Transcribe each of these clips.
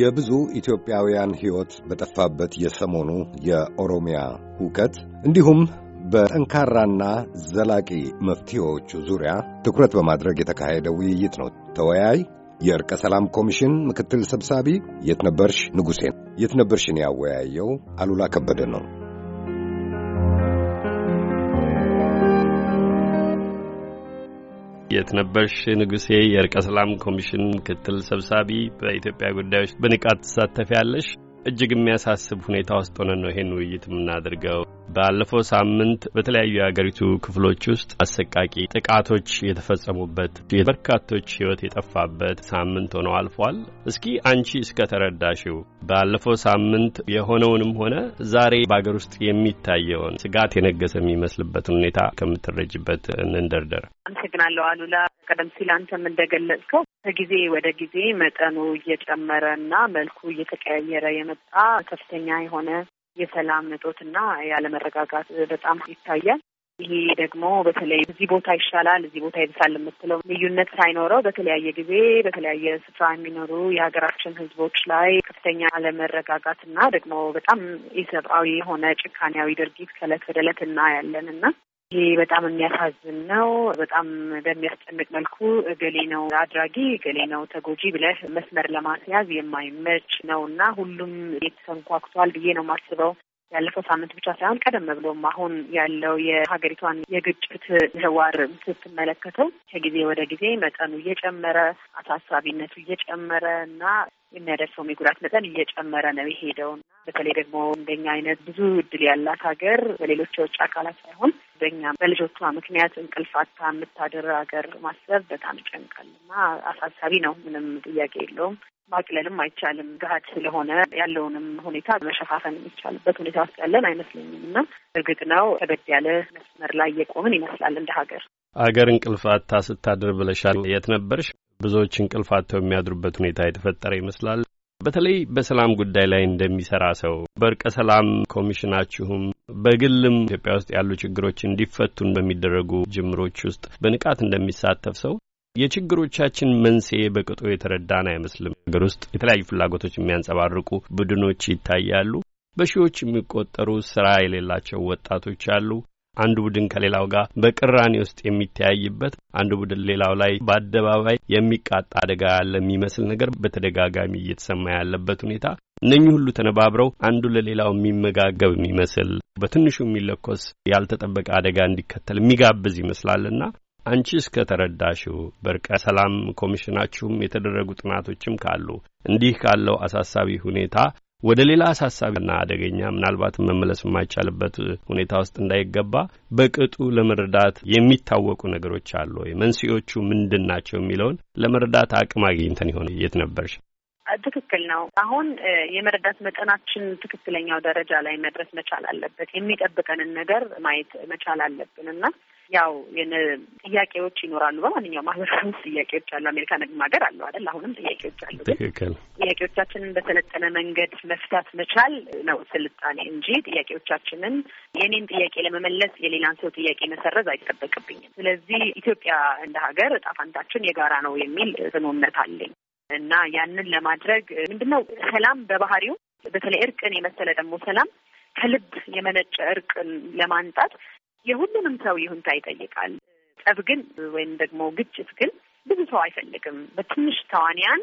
የብዙ ኢትዮጵያውያን ሕይወት በጠፋበት የሰሞኑ የኦሮሚያ ሁከት እንዲሁም በጠንካራና ዘላቂ መፍትሄዎቹ ዙሪያ ትኩረት በማድረግ የተካሄደ ውይይት ነው። ተወያይ የእርቀ ሰላም ኮሚሽን ምክትል ሰብሳቢ የትነበርሽ ንጉሴን የትነበርሽን ያወያየው አሉላ ከበደ ነው። የትነበርሽ ንጉሴ የእርቀ ሰላም ኮሚሽን ምክትል ሰብሳቢ፣ በኢትዮጵያ ጉዳዮች በንቃት ትሳተፊያለሽ። እጅግ የሚያሳስብ ሁኔታ ውስጥ ሆነን ነው ይህን ውይይት የምናደርገው። ባለፈው ሳምንት በተለያዩ የአገሪቱ ክፍሎች ውስጥ አሰቃቂ ጥቃቶች የተፈጸሙበት የበርካቶች ሕይወት የጠፋበት ሳምንት ሆኖ አልፏል። እስኪ አንቺ እስከ ተረዳሽው ባለፈው ሳምንት የሆነውንም ሆነ ዛሬ በአገር ውስጥ የሚታየውን ስጋት የነገሰ የሚመስልበትን ሁኔታ ከምትረጅበት እንንደርደር። አመሰግናለሁ አሉላ። ቀደም ሲል አንተም እንደገለጽከው ከጊዜ ወደ ጊዜ መጠኑ እየጨመረ እና መልኩ እየተቀያየረ የመጣ ከፍተኛ የሆነ የሰላም እና ያለመረጋጋት በጣም ይታያል። ይሄ ደግሞ በተለይ እዚህ ቦታ ይሻላል፣ እዚህ ቦታ ይብሳል የምትለው ልዩነት ሳይኖረው በተለያየ ጊዜ በተለያየ ስፍራ የሚኖሩ የሀገራችን ሕዝቦች ላይ ከፍተኛ አለመረጋጋትና ደግሞ በጣም ኢሰብአዊ የሆነ ጭካኔያዊ ድርጊት ከእለት ወደ እለት እናያለን እና ይሄ በጣም የሚያሳዝን ነው። በጣም በሚያስጨንቅ መልኩ እገሌ ነው አድራጊ፣ እገሌ ነው ተጎጂ ብለህ መስመር ለማስያዝ የማይመች ነው እና ሁሉም የተንኳኩቷል ብዬ ነው የማስበው። ያለፈው ሳምንት ብቻ ሳይሆን ቀደም ብሎም አሁን ያለው የሀገሪቷን የግጭት ዘዋር ስትመለከተው ከጊዜ ወደ ጊዜ መጠኑ እየጨመረ አሳሳቢነቱ እየጨመረ እና የሚያደርሰው የጉዳት መጠን እየጨመረ ነው የሄደው። በተለይ ደግሞ እንደኛ አይነት ብዙ እድል ያላት ሀገር በሌሎች የውጭ አካላት ሳይሆን በኛ በልጆቿ ምክንያት እንቅልፋታ የምታደር የምታድር ሀገር ማሰብ በጣም ይጨንቃል እና አሳሳቢ ነው። ምንም ጥያቄ የለውም። ማቅለልም አይቻልም። ግሀድ ስለሆነ ያለውንም ሁኔታ መሸፋፈን የሚቻልበት ሁኔታ ውስጥ ያለን አይመስለኝም እና እርግጥ ነው ከበድ ያለ መስመር ላይ የቆምን ይመስላል እንደ ሀገር። አገር እንቅልፋታ ስታድር ብለሻል። የት ነበርሽ? ብዙዎች እንቅልፍ የሚያድሩበት ሁኔታ የተፈጠረ ይመስላል። በተለይ በሰላም ጉዳይ ላይ እንደሚሰራ ሰው በእርቀ ሰላም ኮሚሽናችሁም በግልም ኢትዮጵያ ውስጥ ያሉ ችግሮች እንዲፈቱን በሚደረጉ ጅምሮች ውስጥ በንቃት እንደሚሳተፍ ሰው የችግሮቻችን መንስኤ በቅጡ የተረዳን አይመስልም። ሀገር ውስጥ የተለያዩ ፍላጎቶች የሚያንጸባርቁ ቡድኖች ይታያሉ። በሺዎች የሚቆጠሩ ስራ የሌላቸው ወጣቶች አሉ። አንድ ቡድን ከሌላው ጋር በቅራኔ ውስጥ የሚተያይበት አንድ ቡድን ሌላው ላይ በአደባባይ የሚቃጣ አደጋ ያለ የሚመስል ነገር በተደጋጋሚ እየተሰማ ያለበት ሁኔታ እነኚህ ሁሉ ተነባብረው አንዱ ለሌላው የሚመጋገብ የሚመስል በትንሹ የሚለኮስ ያልተጠበቀ አደጋ እንዲከተል የሚጋብዝ ይመስላልና አንቺ እስከ ተረዳሽው በርቀ ሰላም ኮሚሽናችሁም የተደረጉ ጥናቶችም ካሉ እንዲህ ካለው አሳሳቢ ሁኔታ ወደ ሌላ አሳሳቢና አደገኛ ምናልባትም መመለስ የማይቻልበት ሁኔታ ውስጥ እንዳይገባ በቅጡ ለመረዳት የሚታወቁ ነገሮች አሉ ወይ? መንስኤዎቹ ምንድን ናቸው የሚለውን ለመረዳት አቅም አግኝተን የሆነ የት ነበርሽ? ትክክል ነው። አሁን የመረዳት መጠናችን ትክክለኛው ደረጃ ላይ መድረስ መቻል አለበት። የሚጠብቀንን ነገር ማየት መቻል አለብን እና ያው ጥያቄዎች ይኖራሉ። በማንኛውም ማህበረሰብ ውስጥ ጥያቄዎች አሉ። አሜሪካ ነግም ሀገር አለው አይደል? አሁንም ጥያቄዎች አሉ። ግን ጥያቄዎቻችንን በሰለጠነ መንገድ መፍታት መቻል ነው ስልጣኔ እንጂ ጥያቄዎቻችንን የኔን ጥያቄ ለመመለስ የሌላን ሰው ጥያቄ መሰረዝ አይጠበቅብኝም። ስለዚህ ኢትዮጵያ እንደ ሀገር እጣ ፈንታችን የጋራ ነው የሚል ጽኑ እምነት አለኝ። እና ያንን ለማድረግ ምንድነው ሰላም በባህሪው በተለይ እርቅን የመሰለ ደግሞ ሰላም ከልብ የመነጨ እርቅን ለማንጣት የሁሉንም ሰው ይሁንታ ይጠይቃል። ጠብ ግን ወይም ደግሞ ግጭት ግን ብዙ ሰው አይፈልግም። በትንሽ ተዋንያን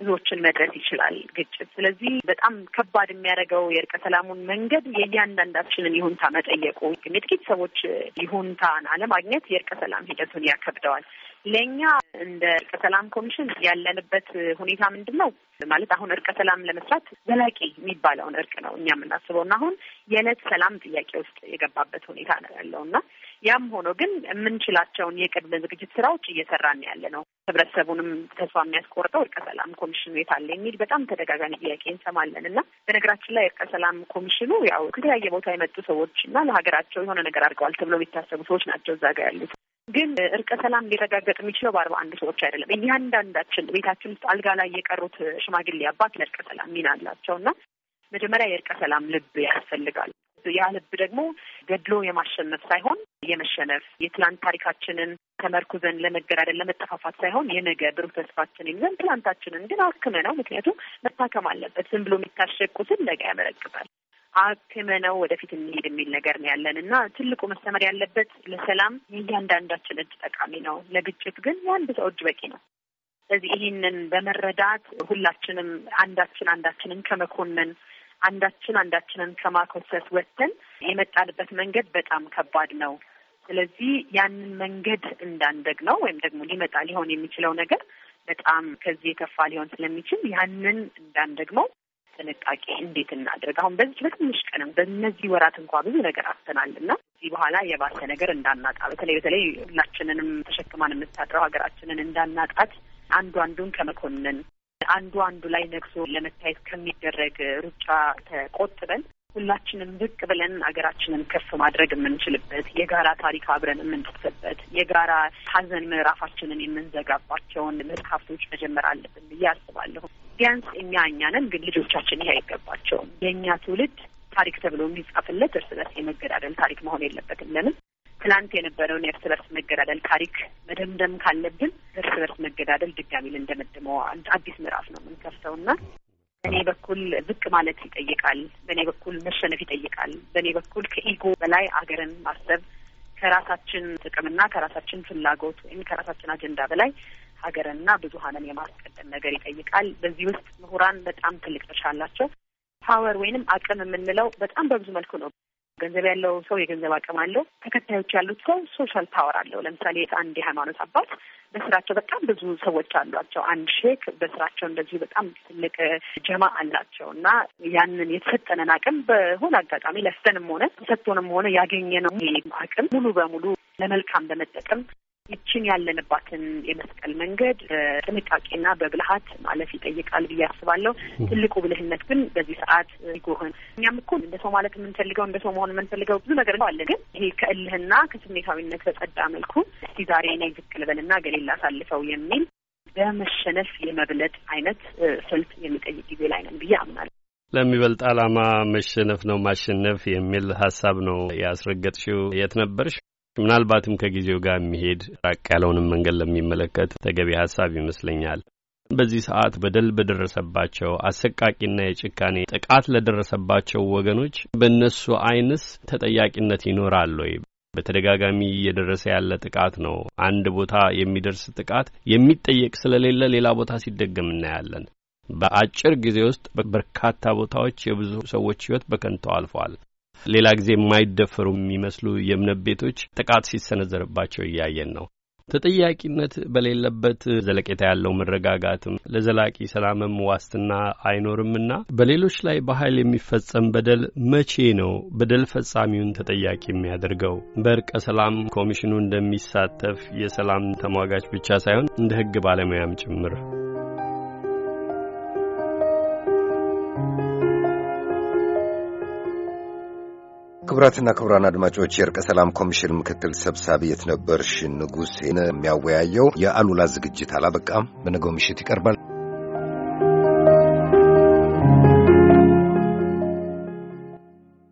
ብዙዎችን መድረስ ይችላል ግጭት። ስለዚህ በጣም ከባድ የሚያደርገው የእርቀ ሰላሙን መንገድ የእያንዳንዳችንን ይሁንታ መጠየቁ። የጥቂት ሰዎች ይሁንታን አለማግኘት የእርቀ ሰላም ሂደቱን ያከብደዋል። ለእኛ እንደ እርቀ ሰላም ኮሚሽን ያለንበት ሁኔታ ምንድን ነው ማለት አሁን እርቀ ሰላም ለመስራት ዘላቂ የሚባለውን እርቅ ነው እኛ የምናስበው እና አሁን የዕለት ሰላም ጥያቄ ውስጥ የገባበት ሁኔታ ነው ያለው እና ያም ሆኖ ግን የምንችላቸውን የቅድመ ዝግጅት ስራዎች እየሰራን ያለ ነው። ህብረተሰቡንም ተስፋ የሚያስቆርጠው እርቀ ሰላም ኮሚሽኑ የታለ የሚል በጣም ተደጋጋሚ ጥያቄ እንሰማለን እና በነገራችን ላይ እርቀ ሰላም ኮሚሽኑ ያው ከተለያየ ቦታ የመጡ ሰዎች እና ለሀገራቸው የሆነ ነገር አድርገዋል ተብለው የሚታሰቡ ሰዎች ናቸው እዛ ጋር ያሉት ግን እርቀ ሰላም ሊረጋገጥ የሚችለው በአርባ አንድ ሰዎች አይደለም። እያንዳንዳችን ቤታችን ውስጥ አልጋ ላይ የቀሩት ሽማግሌ አባት ለእርቀ ሰላም ሚና አላቸው እና መጀመሪያ የእርቀ ሰላም ልብ ያስፈልጋል። ያ ልብ ደግሞ ገድሎ የማሸነፍ ሳይሆን የመሸነፍ የትላንት ታሪካችንን ተመርኩዘን ለመገዳደል ለመጠፋፋት ሳይሆን የነገ ብሩህ ተስፋችን ይዘን ትላንታችንን ግን አክመ ነው። ምክንያቱም መታከም አለበት። ዝም ብሎ የሚታሸቁትን ነገ ያመረቅታል። አክመነው ወደፊት እንሄድ የሚል ነገር ነው ያለን እና ትልቁ መስተመር ያለበት ለሰላም የእያንዳንዳችን እጅ ጠቃሚ ነው፣ ለግጭት ግን የአንድ ሰው እጅ በቂ ነው። ስለዚህ ይህንን በመረዳት ሁላችንም አንዳችን አንዳችንን ከመኮንን አንዳችን አንዳችንን ከማኮሰስ ወጥተን የመጣንበት መንገድ በጣም ከባድ ነው። ስለዚህ ያንን መንገድ እንዳንደግ ነው ወይም ደግሞ ሊመጣ ሊሆን የሚችለው ነገር በጣም ከዚህ የከፋ ሊሆን ስለሚችል ያንን እንዳንደግመው ጥንቃቄ እንዴት እናድርግ? አሁን በዚህ በትንሽ ቀንም በእነዚህ ወራት እንኳ ብዙ ነገር አስተናል እና ከዚህ በኋላ የባሰ ነገር እንዳናጣ በተለይ በተለይ ሁላችንንም ተሸክማን የምታድረው ሀገራችንን እንዳናጣት አንዱ አንዱን ከመኮንን አንዱ አንዱ ላይ ነግሶ ለመታየት ከሚደረግ ሩጫ ተቆጥበን ሁላችንም ብቅ ብለን ሀገራችንን ከፍ ማድረግ የምንችልበት የጋራ ታሪክ አብረን የምንጽፍበት የጋራ ሀዘን ምዕራፋችንን የምንዘጋባቸውን መጽሐፍቶች መጀመር አለብን ብዬ አስባለሁ። ቢያንስ እኛ እኛ ነን፣ ግን ልጆቻችን ይህ አይገባቸውም። የእኛ ትውልድ ታሪክ ተብሎ የሚጻፍለት እርስ በርስ የመገዳደል ታሪክ መሆን የለበትም። ለምን ትናንት የነበረውን የእርስ በርስ መገዳደል ታሪክ መደምደም ካለብን እርስ በርስ መገዳደል ድጋሚ ልንደመድመው አዲስ ምዕራፍ ነው የምንከፍተውና በእኔ በኩል ዝቅ ማለት ይጠይቃል። በእኔ በኩል መሸነፍ ይጠይቃል። በእኔ በኩል ከኢጎ በላይ አገርን ማሰብ ከራሳችን ጥቅምና ከራሳችን ፍላጎት ወይም ከራሳችን አጀንዳ በላይ ሀገርንና ብዙሀንን የማስቀደም ነገር ይጠይቃል። በዚህ ውስጥ ምሁራን በጣም ትልቅ ተሻላቸው። አላቸው። ፓወር ወይንም አቅም የምንለው በጣም በብዙ መልኩ ነው ገንዘብ ያለው ሰው የገንዘብ አቅም አለው። ተከታዮች ያሉት ሰው ሶሻል ፓወር አለው። ለምሳሌ አንድ የሃይማኖት አባት በስራቸው በጣም ብዙ ሰዎች አሏቸው። አንድ ሼክ በስራቸው እንደዚሁ በጣም ትልቅ ጀማ አላቸው እና ያንን የተሰጠንን አቅም በሆነ አጋጣሚ ለስተንም ሆነ ተሰጥቶንም ሆነ ያገኘነው አቅም ሙሉ በሙሉ ለመልካም በመጠቀም ይችን ያለንባትን የመስቀል መንገድ በጥንቃቄና በብልሃት ማለፍ ይጠይቃል ብዬ አስባለሁ። ትልቁ ብልህነት ግን በዚህ ሰዓት ይጎህን እኛም እኮ እንደ ሰው ማለት የምንፈልገው እንደ ሰው መሆን የምንፈልገው ብዙ ነገር አለ። ግን ይሄ ከእልህና ከስሜታዊነት በጸዳ መልኩ እስቲ ዛሬ እኔ ዝቅ ልበልና ገሌላ ላሳልፈው የሚል በመሸነፍ የመብለጥ አይነት ስልት የሚጠይቅ ጊዜ ላይ ነን ብዬ አምናለሁ። ለሚበልጥ ዓላማ መሸነፍ ነው ማሸነፍ የሚል ሀሳብ ነው ያስረገጥሽው። የት ነበርሽ? ምናልባትም ከጊዜው ጋር የሚሄድ ራቅ ያለውንም መንገድ ለሚመለከት ተገቢ ሀሳብ ይመስለኛል። በዚህ ሰዓት በደል በደረሰባቸው አሰቃቂና የጭካኔ ጥቃት ለደረሰባቸው ወገኖች በእነሱ አይንስ ተጠያቂነት ይኖራል ወይ? በተደጋጋሚ እየደረሰ ያለ ጥቃት ነው። አንድ ቦታ የሚደርስ ጥቃት የሚጠየቅ ስለሌለ ሌላ ቦታ ሲደገም እናያለን። በአጭር ጊዜ ውስጥ በርካታ ቦታዎች የብዙ ሰዎች ሕይወት በከንተው አልፏል። ሌላ ጊዜ የማይደፈሩ የሚመስሉ የእምነት ቤቶች ጥቃት ሲሰነዘርባቸው እያየን ነው። ተጠያቂነት በሌለበት ዘለቄታ ያለው መረጋጋትም ለዘላቂ ሰላምም ዋስትና አይኖርምና በሌሎች ላይ በኃይል የሚፈጸም በደል መቼ ነው በደል ፈጻሚውን ተጠያቂ የሚያደርገው? በእርቀ ሰላም ኮሚሽኑ እንደሚሳተፍ የሰላም ተሟጋች ብቻ ሳይሆን እንደ ሕግ ባለሙያም ጭምር ክቡራትና ክቡራን አድማጮች የእርቀ ሰላም ኮሚሽን ምክትል ሰብሳቢ የትነበርሽ ንጉሴን የሚያወያየው የአሉላ ዝግጅት አላበቃም። በነገው ምሽት ይቀርባል።